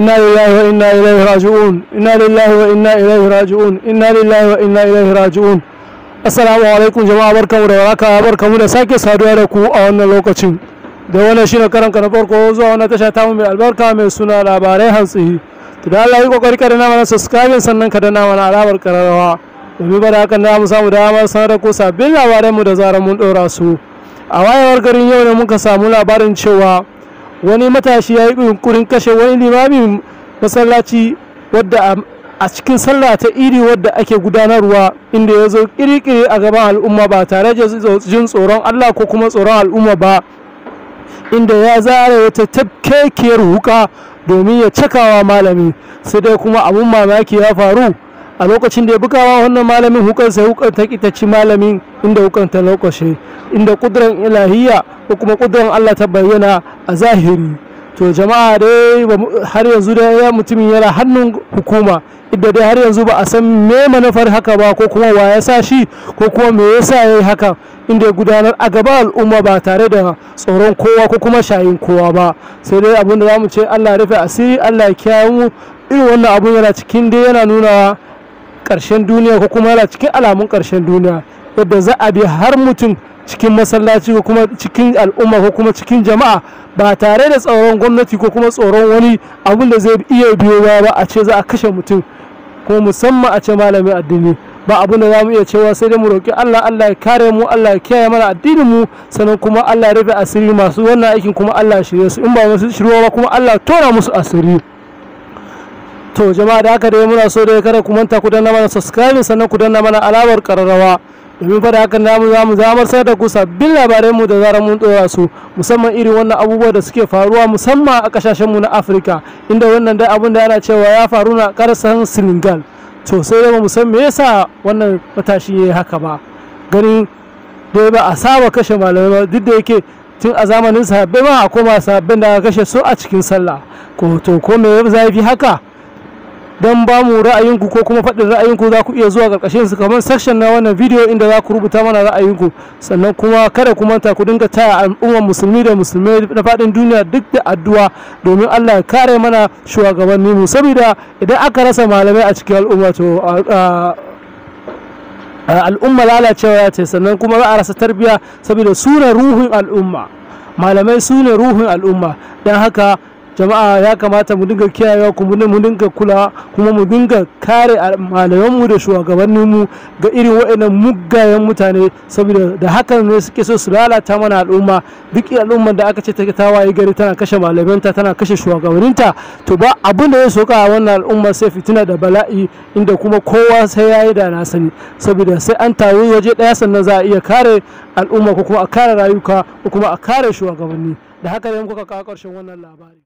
إنا لله وإنا إليه راجعون إنا لله وإنا إليه راجعون إنا لله وإنا إليه راجعون Assalamu alaikum jama'a barkamu da waraka barkamu da sake saduwa da ku a wannan lokacin da wannan shine karanka na farko zuwa wannan tasha ta mai albarka mai suna labarai hantsi to da Allah yi kokari ka dana mana subscribe sannan ka dana mana alamar kararrawa domin bada da hakan da mu samu damar sanar da ku sabbin labaran mu da zarar mun dora su a wayewar garin yau da muka samu labarin cewa wani matashi ya yi yunkurin kashe wani limamin masallaci wadda a cikin sallah ta iri wadda ake gudanarwa inda ya zo kirikiri a gaban al'umma ba tare da jin tsoron Allah ko kuma tsoron al'umma ba inda ya zara wata tafkekiyar wuka domin ya cakawa malami sai dai kuma abin mamaki ya faru a lokacin da ya bugawa wannan malamin hukar sai hukar ta ki ci malamin inda hukar ta lokashe inda kudran ilahiya ko kuma kudran Allah ta bayyana a zahiri to jama'a dai har yanzu da ya mutumin yana hannun hukuma inda dai har yanzu ba a san me manufar haka ba ko kuma wa ya sa shi ko kuma me yasa yayi haka inda ya gudanar a gaba al'umma ba tare da tsoron kowa ko kuma shayin kowa ba sai dai abinda da za mu ce Allah rufe asiri Allah ya kiyaye mu irin wannan abun yana cikin dai yana nuna Karshen duniya ko kuma yana cikin alamun karshen duniya yadda za a bi har mutum cikin masallaci ko kuma cikin al'umma ko kuma cikin jama'a ba tare da tsoron gwamnati ko kuma tsoron wani abin da zai iya biyo ba a ce za a kashe mutum ko musamman a ce malamin addini ba abin da za mu iya cewa sai dai mu roƙi Allah Allah ya kare mu Allah ya kiyaye mana addinin mu sannan kuma Allah ya rufe asiri masu wannan aikin kuma Allah ya shirye su in ba mu shirwa ba kuma Allah ya tona musu asiri to jama'a da aka dai muna so da kada ku manta ku danna mana subscribe sannan ku danna mana alamar kararrawa domin fa da hakan na mu zamu zamar sai da ku sabbin labarai mu da zarar mun dora su musamman irin wannan abubuwa da suke faruwa musamman a kasashen mu na Afirka inda wannan dai abun da yana cewa ya faru na karsan Senegal to sai da mu san me yasa wannan matashi yayi haka ba Gani dai ba a saba kashe malamai ba duk da yake tun a zamanin sahabbai ma a koma sahabbin da kashe su a cikin sallah ko to ko me zafi haka don ba mu ra'ayinku ko kuma faɗin ra'ayinku za ku iya zuwa ƙarƙashin su kamar section na wannan video inda za ku rubuta mana ra'ayinku sannan kuma kada ku manta ku dinga taya al'ummar musulmi da musulmai na faɗin duniya duk da addu'a domin Allah ya kare mana shugabanni mu saboda idan aka rasa malamai a cikin al'umma to al'umma lalacewa ya ce sannan kuma za a rasa tarbiyya saboda su ruhin al'umma malamai su ne ruhin al'umma don haka jama'a ya kamata mu dinga kiyayewa kuma mu dinga kula kuma mu dinga kare mu da shugabannin mu ga irin waɗannan muggayen mutane saboda da hakan ne suke so su lalata mana al'umma duk al'ummar da aka ce ta waye gari tana kashe malamanta tana kashe shugabanninta to ba abin da ya soka a wannan al'umma sai fitina da bala'i inda kuma kowa sai yayi da na sani saboda sai an taru waje daya sannan za a iya kare al'umma ko kuma a kare rayuka ko kuma a kare shugabanni da haka ne muka kawo ƙarshen wannan labari